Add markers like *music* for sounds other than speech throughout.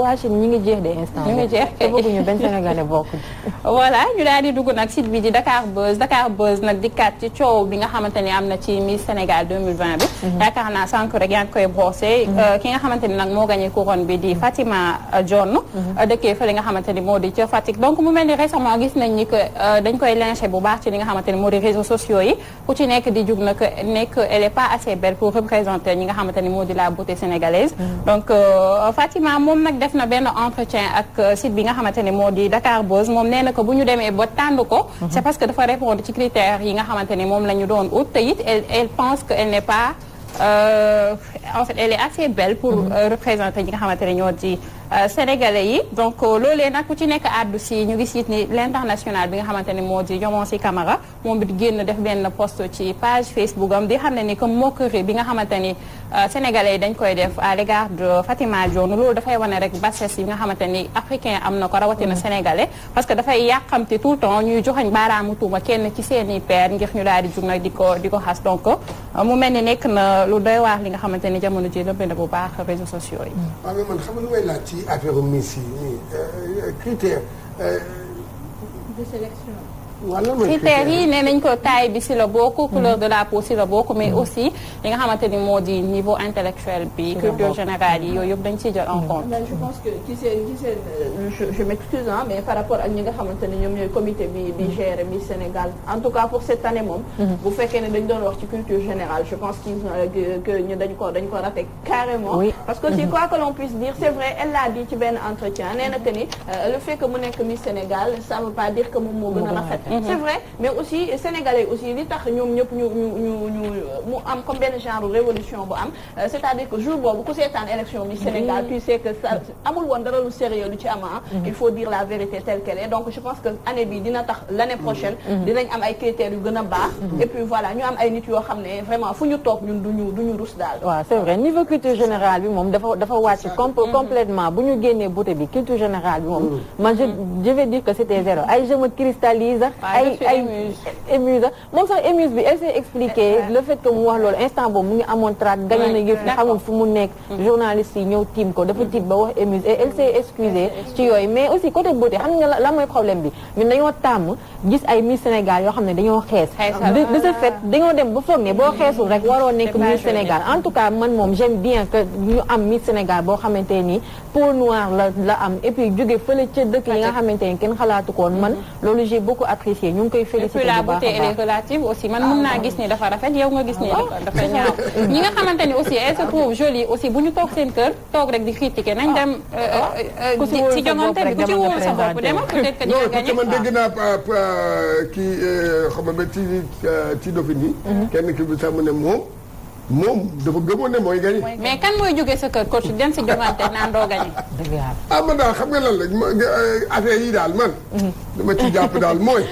waa Chine ñi ngi jeex de instant ñu ngi jeex benn sénégalais bokk *laughs* voilà ñu daal di dugg nag site bi di Dakar Buzz Dakar Buzz nag dikkaat ci coow bi nga xamante ni am na ci Miss Sénégal bi mhm. yaakaar naa sànq rek yaa ngi koy brossé mhm. euh, ki nga xamante ni nag moo gagné couronne bi di Fatima euh, Dione mhm. euh, dëkkee fële nga xamante ni moo di ca Fatick donc mu mel ni récemment gis nañ ni que dañ koy lynché bu baax li nga xamante ni moo di réseaux sociaux yi ku ci nekk di jug nag nekk elle est pas assez belle pour représenter ñi nga xamante ni moo di la beauté sénégalaise donc def na benn entretien ak euh, site bi nga xamante ne moo di Dakar Buzz moom nee na ko bu ñu demee ba tànn ko mhm. c'est parce que dafa répondre ci critères yi nga xamante ne moom la ñu doon ut te it elle pense que elle n'est pas euh, en fait elle est assez belle pour mhm. euh, représenter ñi nga xamante ne ñoo di Euh, sénégalais yi donc euh, loole nag ku ci nekk àddu si ñu ngi siit ni l'international bi nga xamante ne moo di Youssoupha Camara moom it génn def benn post ci page Facebook am di xam ne ni comme moquerie bi nga xamante ni euh, sénégalais yi dañ koy def à l'égard de Fatima Dione loolu dafay wane rek bassesse yi nga xamante ni africain am na ko rawatina mm-hmm. sénégalais parce que dafay yàqamti tout le temps ñuy joxañ baaraamu tuuma kenn ci seeni père ngir ñu daal di jug nag di ko di ko xas donc mu mel ni nekk na lu doy waar li nga xamante ni jamono ji lëmbe bu baax réseaux sociaux yi mm. ci affaire Miss yi nii euh, euh, critère. Euh, de sélection. critères yi nee nañ ko taille bi si la bokk mm-hmm. couleur de la peau si mais mm-hmm. aussi li nga xamante ni moo di niveau intellectuel bi culture générale yi yooyu yëpp dañ ciy jël en mm-hmm. compte je pense que euh, je m'excuse mais par rapport ak ñi nga xamante ne ñoom ñooy comité bi bi géré bi Sénégal en tout cas pour cette année moom bu fekkee ne dañ doon wax ci culture générale je pense que ñu dañ ko dañ ko raté carrément parce que si quoi que l'on puisse dire c'est vrai elle benn entretien nee na que ni euh, nekk Miss Sénégal ça veut a rafet Mm-hmm. c'est vrai mais aussi sénégalais aussi li tax ñoom ñëpp ñu ñu ñu ñu euh, mu am comme benn genre révolution bu am euh, c'est-à-dire que jour boobu ku seetaan élection mi Sénégal mm-hmm. tu sais que ça amul lu sérieux lu ci ama ah. mm-hmm. il faut dire la vérité telle qu'elle est donc je pense que année bi dina tax l'année prochaine dinañ am ay critères yu gën a baax et puis voilà ñu am ay nit yoo xam ne vraiment fu ñu toog ñun duñu duñu rus daal waaw c'est vrai niveau culture générale bi moom dafa dafa wàcc complètement bu ñu génnee beauté bi culture générale bi moom man je vais dire que c'était ay ay émuse la ah. moom sax bi elle s'est expliqué le fait que mu wax loolu instant boobu mu ngi amoon trac gagné na yëf yi xamul fu mu nekk mm-hmm. journaliste yi ñëw tiim ko dafa tiit ba wax émuse et elle s'est mm-hmm. ci yooyu mais aussi côté beauté xam nga la mooy problème bi ñun dañoo tàmm gis ay Miss Sénégal yoo xam ne dañoo xees de ce ah. fait dañoo dem ba foog boo xeesul rek waroo nekk Miss Sénégal en tout cas man moom j'aime bien que ñu am Miss Sénégal boo xamante nii peau noire la la am et puis jóge fële dëkk yi nga xamante ni kenn xalaatu koon man mm-hmm. loolu j'ai apprécié ñu ngi koy félicité bu baax a baax et puis la beauté elle est relative aussi man ah, mën naa gis ni dafa rafet yow nga gis ni ah. dafa ñaaw *laughs* ñi nga xamante ni aussi elle se ah, trouve jolie aussi bu ñu toog seen kër toog rek di critiquer nañ dem euh, euh, ci jongante bi ku ci wóor sa bopp dema peut-être que dina gagné man dégg naa euh, kii xam nga ci ci Dauphine yi mhm. kenn ki bi sax mu ne moom moom dafa gëmoon ne mooy gagné. mais kan mooy jógee sa kër coach dem si jongante naan doo gagné. dëgg la ah daal xam nga lan la euh, affaire yi daal man. Mhm. dama ci jàpp daal mooy.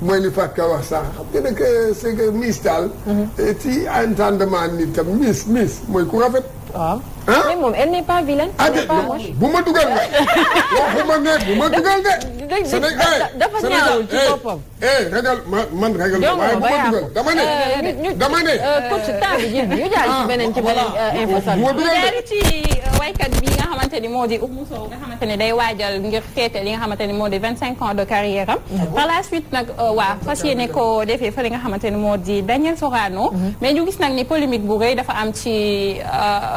mooy li Fatou Ka wax sax xam nga nag euh, c'est que miss daal. Mhm. ci entendement nit tam miss mooy ku rafet. waaw. mais moom elle n'est pas vilaine. Ah, bu ma dugal ne. waxuma ne bu ma dugal ne. Sénégal dafa ñaawul ci boppam. ragal man ragal ma waaye bu ma dama ne. Euh, dama ne. Euh, coach temps bi jeex ñu jaar ci ah, beneen ci beneen euh, info sax. bu ma dugal ne ci waykat bi nga xamante moo di Oumou Sow nga xamante ni day waajal ngir féete li nga xamante ni moo de vingt cinq ans de carrière am. par la suite nag waa fas yéene ko defee fa li nga xamante ni moo di Daniel Sorano. Mhm. mais ñu gis nag ni polémique bu rëy dafa am ci.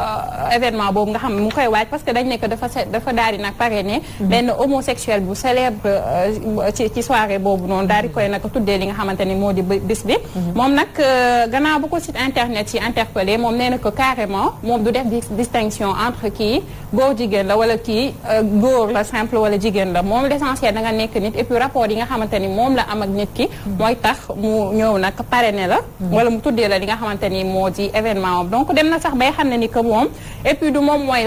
Euh, événement boobu nga xam ne mu koy waaj parce que dañ nekk dafa dafa daal di nag parrainé mm-hmm. benn homosexuel bu célèbre euh, ci ci soirée boobu noonu daal di koy nag tuddee li nga xamante ni moo di bis bi mm-hmm. moom nag euh, gannaaw bu ko site internet yi interpellé moom nee na ko carrément moom du def distinction entre kii góor jigéen la wala kii euh, góor la simple wala jigéen la moom l'essentiel da nga nekk nit et rapport yi nga xamante ni moom la am ak nit ki mooy tax mu ñëw nag parrainé la wala mu tuddee la li nga xamante ni moo di événement am donc dem na sax bay xam ne ni que moom moom mooy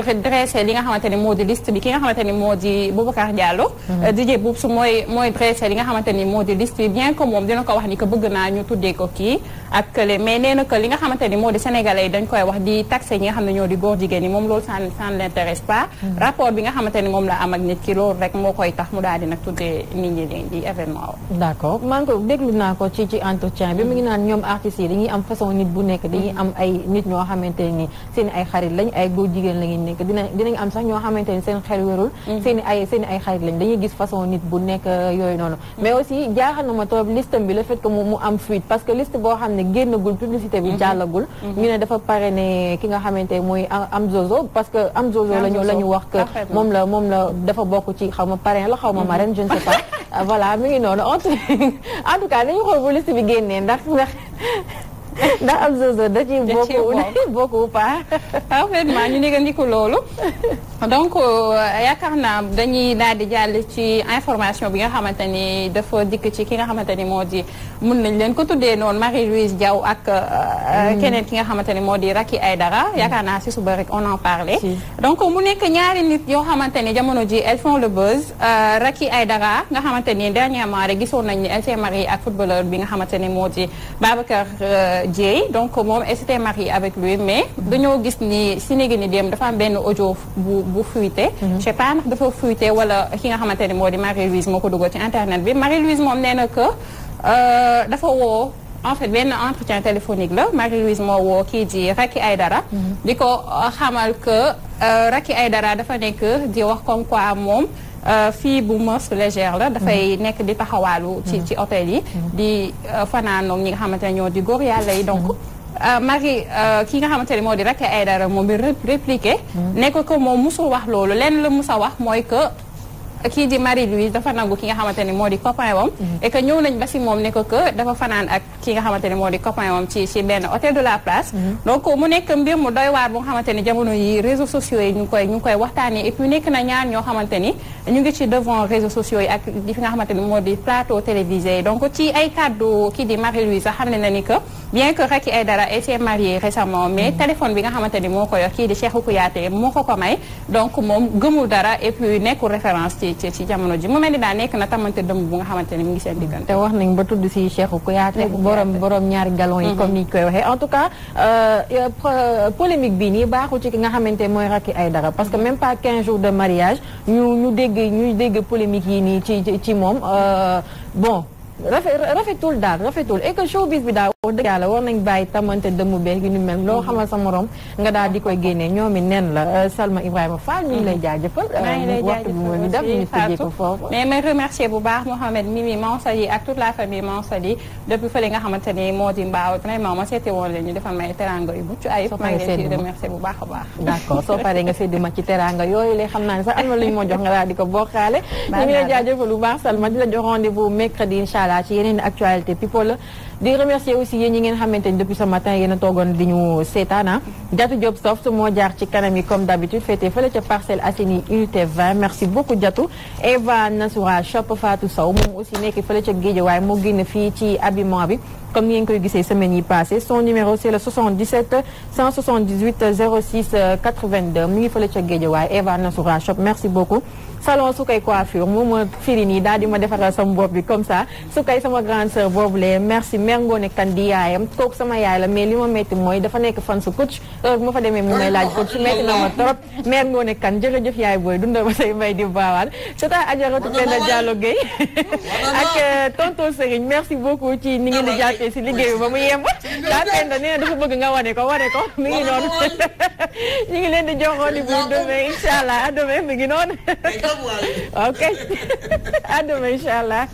li nga xamante ni moo di liste bi ki nga xamante ni moo di Boubacar Diallo mhm. euh, DJ Boubs mooy mooy dressé li nga xamante ni moo di liste bi bien que moom dina ko wax ni que bëgg naa ñu tuddee ko kii ak kële mais nee na que li nga xamante ni moo di sénégalais yi dañ koy wax di taxé ñi nga xam ne ñoo di góor jigéen yi moom loolu san san l'intérêt intéresse pas mm-hmm. rapport bi nga xamante ni moom la am nit ki loolu rek moo koy tax mu daal nag tuddee nit ñi di événement o d'accord maa ngi ko déglu naa ko ci ci entretien bi mu ngi naan ñoom artistes yi dañuy am façon nit bu nekk dañuy am ay nit ñoo xamante ni seen xel wérul mm-hmm. seen ay seen ay xarit lañ dañuy gis façon nit bu nekk euh, yooyu noonu mais aussi jaaxal na ma trop liste bi le fait que mu am fuite parce que liste boo xam ne génnagul publicité bi mm-hmm. jàllagul ñu ne dafa la ñu la ñu wax que moom la moom la dafa bokk ci xaw ma parrain la xaw ma mm-hmm. marraine je ne sais pas *laughs* voilà mi ngi noonu en tout *laughs* cas dañu xool bu liste bi génnee ndax ndax ndax am zozo da ciy bokk bokk *laughs* ou pas parfaitement ah, ñu négandiku loolu donc euh, yaakaar naa dañuy daal di jàll ci information bi nga xamante ni dafa dikk ci ki nga xamante ni moo di mun nañ leen ko tuddee noonu Marie-Louise ak euh, mm. keneen ki nga xamante ni moo di Racky Aïdara mm. yaakaar naa si suba rek on en parlait donc mu nekk ñaari nit yoo xamante ni jamono ji elles font le buzz euh, Racky Aïdara nga xamante ni dernièrement rek gisoon nañ ni elle s'est ak footballeur bi nga xamante ni moo di Babacar Dieye donc moom elle s'était mariée avec lui mais dañoo gis ni si néegi ni dem dafa am benn audio bu bu fuité mhm. je sais pas ndax dafa fuité wala ki nga xamante ne moo di Marie-Louise moo ko dugal ci internet bi Marie-Louise moom nee na que euh, dafa woo en fait benn entretien téléphonique la Marie-Louise moo woo kii di ay dara mhm. di ko euh, xamal que euh, Racky Aïdara dafa nekk di wax comme quoi moom Euh, fii bu mœurs légère la dafay mhm. nekk di taxawaalu ci mhm. ci hôtel yi mhm. di euh, fanaanoog ñi nga xamante ne ñoo di góor yàlla yi donc euh, Marie ki nga xamante ne moo di Racky Aïdara moom bi répliqué. nekk ko moom musul wax loolu lenn la musa wax mooy que kii di mari louise dafa nangu ki nga xamante ne moo di copain wam mm-hmm. et que ñëw nañ ba si moom ne ko dafa fanaan ak ki nga xamante ne moo di copain wam ci ci benn hôtel de la place mm-hmm. donc mu nekk mbir mu doy waar bu nga xamante ni jamono yi réseaux sociaux yi ñu ngi koy ñu ngi koy waxtaanee et nekk na ñaar ñoo xamante ni ñu ngi ci devant réseaux sociaux yi ak di fi nga xamante ni moo di plateau télévisé donc ci ay kàddu kii di Marie-Louise sax xam ne na ni que bien que Racky Aïdara était marié récemment mais mm-hmm. téléphone bi nga xamante ni moo ko yor kii di Cheikhou Kouyaté moo ko ko may donc moom gëmul dara et puis référence ci jamono ji mu mel ni daa nekk na tamante dëmb bu nga xamante ni mu ngi seen mm-hmm. diggante. te wax nañ ba tudd si Cheikhou Kouyaté borom borom ñaari galon yi comme mm-hmm. ni ñu koy waxee en tout cas euh, euh, euh, polémique bi nii baaxul ci nga xamante mooy ay dara parce que même pas 15 jours de mariage ñu ñu dégg ñu dégg polémique yi nii ci ci moom bon rafet rafetul daal rafetul et que showbiz bi daal wax dëgg yàlla war nañ xamal sa morom nga daal di koy génnee ñoomi nen la euh, Salma Ibrahima Fall ñu ngi lay euh, may remercier yu mucc ayib maa bu baax a baax d'accord soo paree nga seddi ci teranga yooyu lay xam naa ne sax am na moo jox nga daal di ko bokkaale ñu ngi lay jaajëfal bu baax Salma di la jox rendez-vous mercredi incha allah ci yeneen actualité people di remercier aussi yéen ñi ngeen xamante ni depuis ce matin yéen a toogoon di ñu seetaana ah. Diatou Diop Soft moo jaar ci kanam yi comme d'habitude féetee fële ca Parcelles Assainies unité 20 merci beaucoup Diatou Eva Nassoura Chop Fatou Sow moom aussi nekk fële ca Guédiawaye moo génn fii ci habillement bi comme ni ngeen koy gisee semaine yi passée son numéro c'est le 77 178 06 82 mi ngi fële ca Guédiawaye Eva Nassoura Shop merci beaucoup. salon Sukay coiffure moom ma firi nii daal di ma defaral sama bopp bi comme ça Sukay sama grande sœur boobu lee merci mère Ngoone kan di yaayam kooku sama yaay la mais li ma métti mooy dafa nekk fan su coach heure bu ma fa demee mu may laaj coach métti na ma trop mère Ngoone kan jërëjëf yaay booy dundal ma say mbay di baawaan c'est à Ajaratu Penda Diallo Gueye ak euh, tonton Serigne merci beaucoup ci ni ngeen di jàpp nekkee si liggéey bi ba mu yem. daa penda nee na dafa bëgg nga wane ko wane ko mi ngi noonu. ñu ngi leen di jox rendez-vous demain incha allah à demain mi ngi noonu. ok à demain incha allah.